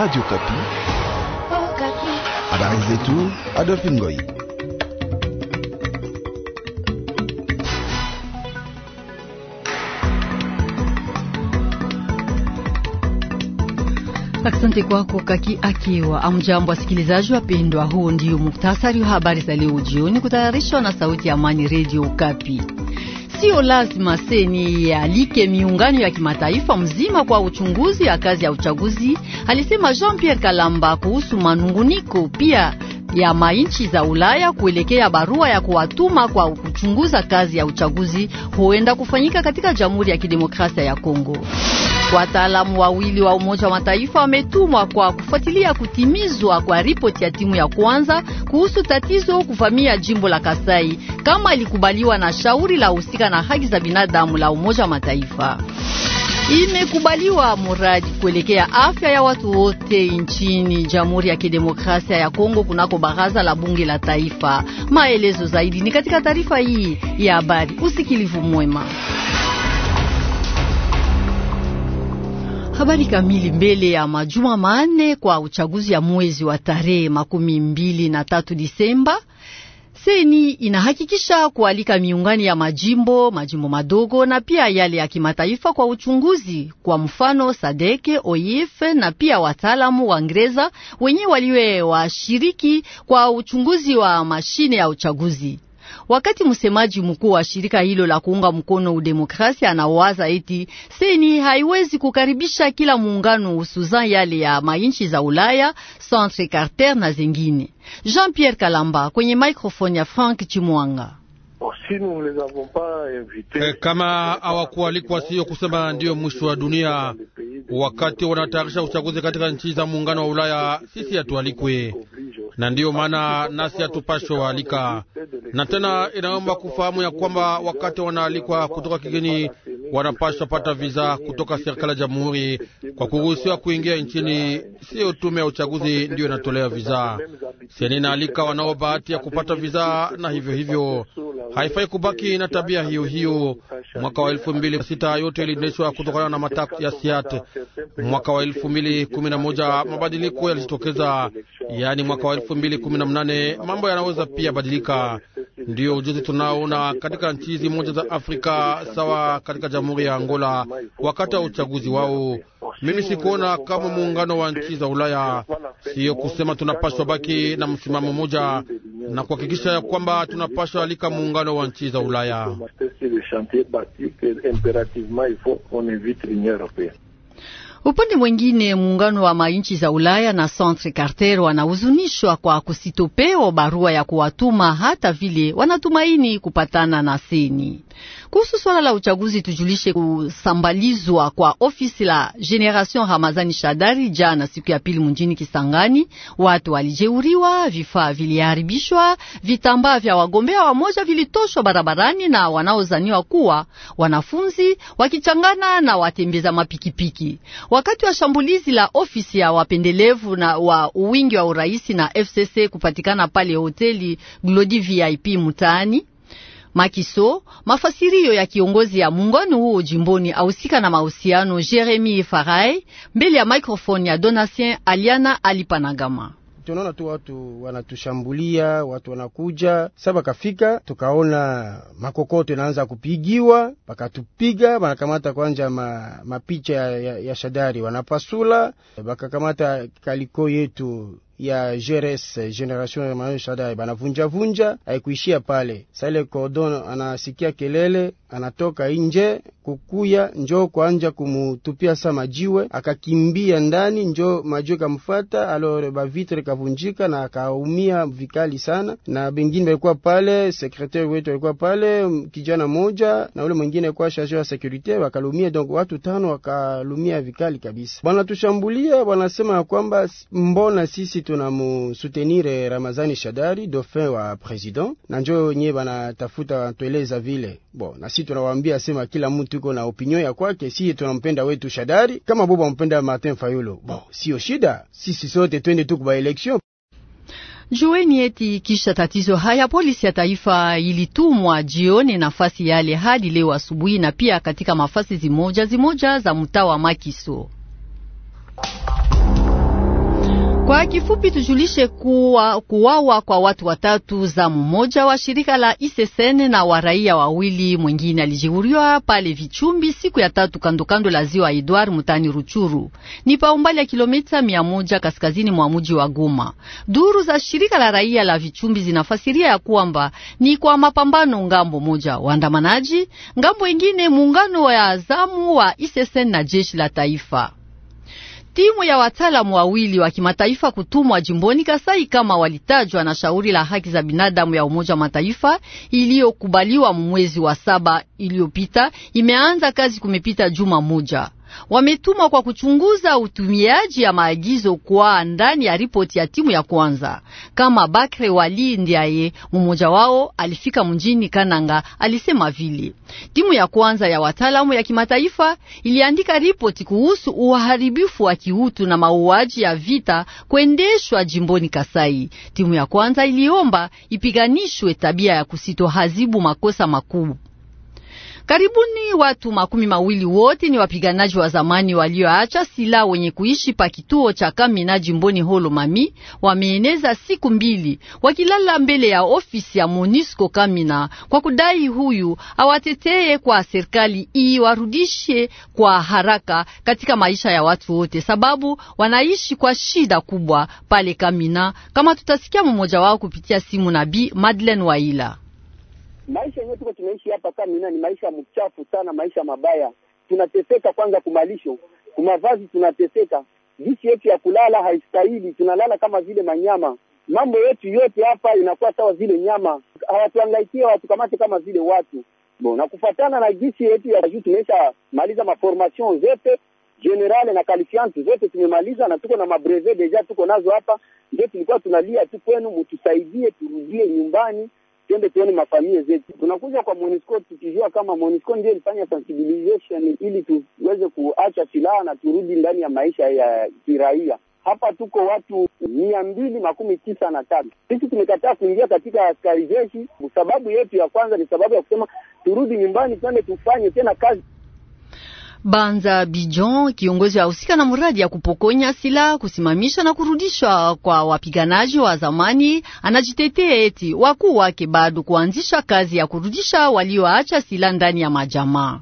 Radio Kapi. Habari zetu Adolphe Ngoi. Asante kwako Kaki Akiwa. Amjambo wasikilizaji wapendwa, huu ndio muktasari wa habari za leo jioni, kutayarishwa na Sauti ya Amani, Radio Kapi. Sio lazima seni alike miungano ya kimataifa mzima kwa uchunguzi ya kazi ya uchaguzi, alisema Jean Pierre Kalamba kuhusu manunguniko pia ya mainchi za Ulaya kuelekea barua ya kuwatuma kwa kuchunguza kazi ya uchaguzi huenda kufanyika katika Jamhuri ya Kidemokrasia ya Kongo. Wataalamu wawili wa Umoja wa Mataifa wametumwa kwa kufuatilia kutimizwa kwa ripoti ya timu ya kwanza kuhusu tatizo kuvamia jimbo la Kasai kama ilikubaliwa na shauri la husika na haki za binadamu la Umoja wa Mataifa. Imekubaliwa muradi kuelekea afya ya watu wote nchini Jamhuri ya Kidemokrasia ya Kongo kunako baraza la bunge la taifa. Maelezo zaidi ni katika taarifa hii ya habari. Usikilivu mwema. Habari kamili mbele ya majuma manne kwa uchaguzi ya mwezi wa tarehe makumi mbili na tatu Disemba. Seni inahakikisha kualika miungani ya majimbo majimbo madogo na pia yale ya kimataifa kwa uchunguzi, kwa mfano Sadeke, OIF na pia wataalamu wa Ngereza wenye waliwe washiriki kwa uchunguzi wa mashine ya uchaguzi. Wakati msemaji mkuu wa shirika hilo la kuunga mkono udemokrasia anawaza eti seni haiwezi kukaribisha kila muungano hususan yale ya mainchi za Ulaya, Centre Carter na zingine. Jean-Pierre Kalamba kwenye microphone ya Frank Chimwanga simu eh, kama hawakualikwa siyo kusema ndiyo mwisho wa dunia. Wakati wanatayarisha uchaguzi katika nchi za muungano wa Ulaya, sisi hatualikwe, na ndiyo maana nasi hatupashwe waalika. Na tena inaomba kufahamu ya kwamba wakati wanaalikwa kutoka kigeni, wanapashwa pata viza kutoka serikali ya jamhuri kwa kuruhusiwa kuingia nchini. Siyo tume ya uchaguzi ndiyo inatolea viza. Sieni inaalika wanaobahati ya kupata viza na hivyo hivyo haifai kubaki na tabia hiyo hiyo. Mwaka wa elfu mbili sita yote iliendeshwa kutokana na matak ya siat. Mwaka wa elfu mbili kumi na moja mabadiliko yalijitokeza, yaani mwaka wa elfu mbili kumi na mnane mambo yanaweza pia badilika. Ndiyo ujuzi tunaona katika nchi hizi moja za Afrika, sawa katika jamhuri ya Angola wakati wa uchaguzi wao mimi sikuona kama muungano wa nchi za Ulaya, siyo kusema tunapashwa baki na msimamo mmoja na kuhakikisha ya kwamba tunapashwa alika muungano wa nchi za Ulaya. Upande mwengine muungano wa manchi za Ulaya na Centre Carter wanahuzunishwa kwa kusitopewa barua ya kuwatuma hata vile wanatumaini kupatana na seni. Kuhusu swala la uchaguzi, tujulishe kusambalizwa kwa ofisi la Generation Ramazani Shadari jana siku ya pili mjini Kisangani. Watu walijeuriwa, vifaa viliharibishwa, vitambaa vya wagombea wamoja vilitoshwa barabarani na wanaozaniwa kuwa wanafunzi wakichangana na watembeza mapikipiki. Wakati wa shambulizi la ofisi ya wapendelevu na wa uwingi wa uraisi na FCC kupatikana pale hoteli Glodi VIP mutaani Makiso, mafasirio ya kiongozi ya muungano huo jimboni ahusika na mahusiano Jeremy Farai, mbele ya microphone ya Donatien Aliana Alipanagama. Tunaona tu watu wanatushambulia, watu wanakuja saba kafika, tukaona makokoto inaanza kupigiwa, bakatupiga, wanakamata kwanja ma, mapicha ya, ya, ya shadari wanapasula, bakakamata kaliko yetu ya GRS generation Emmanuel Shadai banavunja vunja, haikuishia pale. Sale Cordon anasikia kelele, anatoka inje kukuya, njo kwanja kumutupia sa majiwe, akakimbia ndani, njo majiwe kamfata, alors bavitre kavunjika na akaumia vikali sana, na bengine balikuwa pale, sekretere wetu alikuwa pale, kijana moja na ule mwingine alikuwa charge ya securite, wakalumia donc watu tano wakalumia vikali kabisa. Bwana tushambulia, wanasema ya kwamba mbona sisi tunamusutenire eh, Ramazani Shadari dauphin wa president na njo nye banatafuta wantueleza vile bo, na si tunawaambia sema kila mtu iko na opinion ya kwake. Si tunampenda wetu Shadari kama bo bampenda Martin Fayulu, bo sio shida, sisi sote twende tu kuba election. Jueni eti kisha tatizo haya, polisi ya taifa ilitumwa jioni nafasi yale hadi leo asubuhi, na pia katika mafasi zimoja zimoja za mtaa wa Makiso. Kwa kifupi tujulishe kuwa kuwawa kwa watu watatu za mmoja wa shirika la ISSN na wa raia wawili, mwingine alijiuriwa pale Vichumbi siku ya tatu kandokando la ziwa Edward mutani Ruchuru, ni pa umbali ya kilomita mia moja kaskazini mwa mji wa Goma. Duru za shirika la raia la Vichumbi zinafasiria ya kwamba ni kwa mapambano ngambo moja waandamanaji, ngambo ingine muungano wa azamu wa ISSN na jeshi la taifa. Timu ya wataalamu wawili wa kimataifa kutumwa jimboni Kasai kama walitajwa na shauri la haki za binadamu ya Umoja wa Mataifa iliyokubaliwa mwezi wa saba iliyopita imeanza kazi kumepita juma moja wametumwa kwa kuchunguza utumiaji ya maagizo kwa ndani ya ripoti ya timu ya kwanza. Kama Bakre Wali Ndiaye, mmoja wao alifika mjini Kananga, alisema vile timu ya kwanza ya wataalamu ya kimataifa iliandika ripoti kuhusu uharibifu wa kiutu na mauaji ya vita kuendeshwa jimboni Kasai. Timu ya kwanza iliomba ipiganishwe tabia ya kusitohazibu makosa makubwa Karibuni watu makumi mawili wote ni wapiganaji wa zamani walioacha sila wenye kuishi pa kituo cha Kamina jimboni Holo Mami wameeneza siku mbili wakilala mbele ya ofisi ya Monisco Kamina kwa kudai huyu awateteye kwa serikali ii warudishe kwa haraka katika maisha ya watu wote, sababu wanaishi kwa shida kubwa pale Kamina, kama tutasikia mmoja wao kupitia simu na Bi Madeleine Waila maisha yenyewe tuko tunaishi hapa Kamina ni maisha mchafu sana, maisha mabaya. Tunateseka kwanza kumalisho, kumavazi tunateseka, jisi yetu ya kulala haistahili, tunalala kama vile manyama. Mambo yetu yote hapa inakuwa sawa zile nyama, hawatuangaikie watukamate kama vile watu Bo, na kufatana na gisi yetu ya juu tumesha maliza maformation zote generale na kalifiante zote tumemaliza, na tuko na mabreve deja tuko nazo hapa. Ndio tulikuwa tunalia tu kwenu, mtusaidie turudie nyumbani tuende tuone mafamilia zetu. Tunakuja kwa MONUSCO tukijua kama MONUSCO ndio ilifanya sensibilization ili tuweze kuacha silaha na turudi ndani ya maisha ya kiraia. Hapa tuko watu mia mbili makumi tisa na tatu. Sisi tumekataa kuingia katika askari jeshi. Sababu yetu ya kwanza ni sababu ya kusema turudi nyumbani, tuende tufanye tena kazi. Banza Bijon, kiongozi husika na mradi ya kupokonya silaha, kusimamisha na kurudisha kwa wapiganaji wa zamani, anajitetea eti wakuu wake bado kuanzisha kazi ya kurudisha walioacha silaha ndani ya majamaa.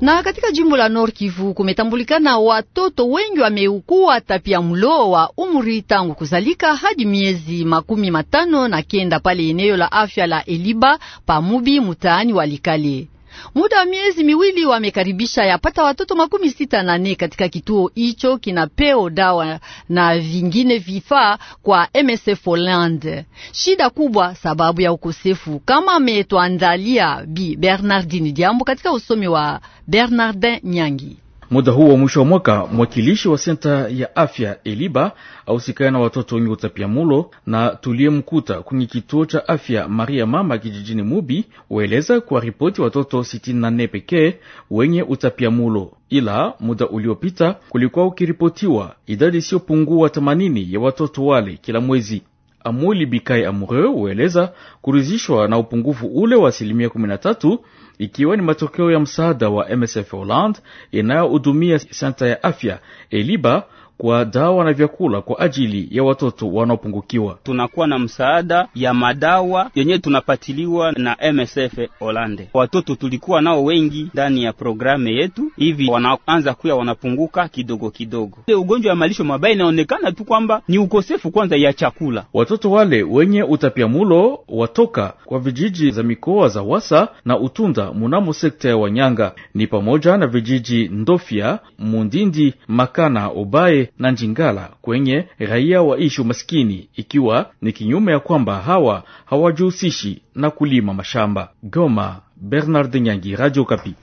Na katika jimbo la Nord Kivu kumetambulikana watoto wengi wameukua tapia mlo wa umri tangu kuzalika hadi miezi makumi matano na kenda pale eneo la afya la Eliba Pamubi mutaani Walikale. Muda wa miezi miwili wamekaribisha yapata watoto makumi sita na nne katika kituo hicho kinapeo dawa na vingine vifaa kwa MSF Holland. Shida kubwa sababu ya ukosefu, kama ametwandalia Bi Bernardine Diambo katika usomi wa Bernardin Nyangi. Muda huu wa mwisho wa mwaka, mwakilishi wa senta ya afya Eliba ausikana na watoto wenye utapiamulo na tuliyemkuta kwenye kituo cha afya Maria Mama kijijini Mubi waeleza kuwa ripoti watoto 64 pekee wenye utapiamulo, ila muda uliopita kulikuwa ukiripotiwa idadi isiyopungua 80 ya watoto wale kila mwezi amuli Bikai Amure hueleza kurizishwa na upungufu ule wa asilimia 13 ikiwa ni matokeo ya msaada wa MSF Holland inayohudumia senta ya afya Eliba kwa dawa na vyakula kwa ajili ya watoto wanaopungukiwa. Tunakuwa na msaada ya madawa yenye tunapatiliwa na MSF Holande. Watoto tulikuwa nao wengi ndani ya programe yetu, hivi wanaanza kuya wanapunguka kidogo kidogo. Ile ugonjwa ya malisho mabaya inaonekana tu kwamba ni ukosefu kwanza ya chakula. Watoto wale wenye utapiamulo watoka kwa vijiji za mikoa za Wasa na Utunda munamo sekta ya Wanyanga, ni pamoja na vijiji Ndofya, Mundindi, Makana, Obaye na Njingala kwenye raia waishi umaskini, ikiwa ni kinyume ya kwamba hawa hawajihusishi na kulima mashamba. Goma, Bernard Nyangi, Radio Kapi.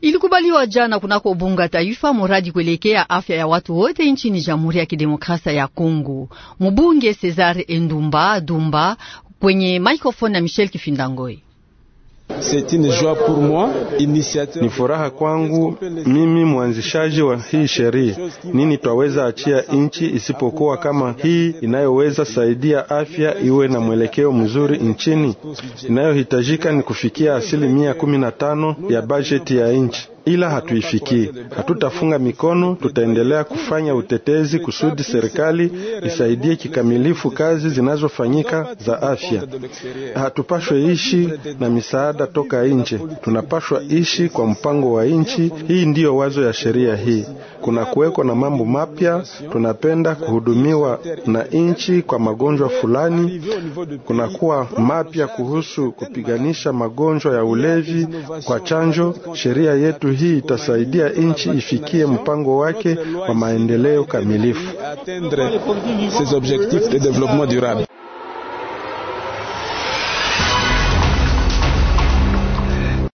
Ilikubaliwa jana kunako bunga taifa muradi kuelekea afya ya watu wote nchini Jamhuri ya Kidemokrasia ya Kongo. Mubunge Cesar Endumba Dumba kwenye microphone na Michel Kifindangoi. Ni furaha kwangu mimi mwanzishaji wa hii sheria. Nini twaweza achia nchi isipokuwa kama hii inayoweza saidia afya iwe na mwelekeo mzuri nchini? Inayohitajika ni kufikia asilimia kumi na tano ya bajeti ya nchi ila hatuifikii. Hatutafunga mikono, tutaendelea kufanya utetezi kusudi serikali isaidie kikamilifu kazi zinazofanyika za afya. Hatupashwe ishi na misaada toka nje, tunapashwa ishi kwa mpango wa nchi. Hii ndiyo wazo ya sheria hii. Kuna kuweko na mambo mapya, tunapenda kuhudumiwa na nchi kwa magonjwa fulani. Kunakuwa mapya kuhusu kupiganisha magonjwa ya ulevi kwa chanjo. Sheria yetu yetu hii itasaidia nchi ifikie mpango wake wa maendeleo kamilifu.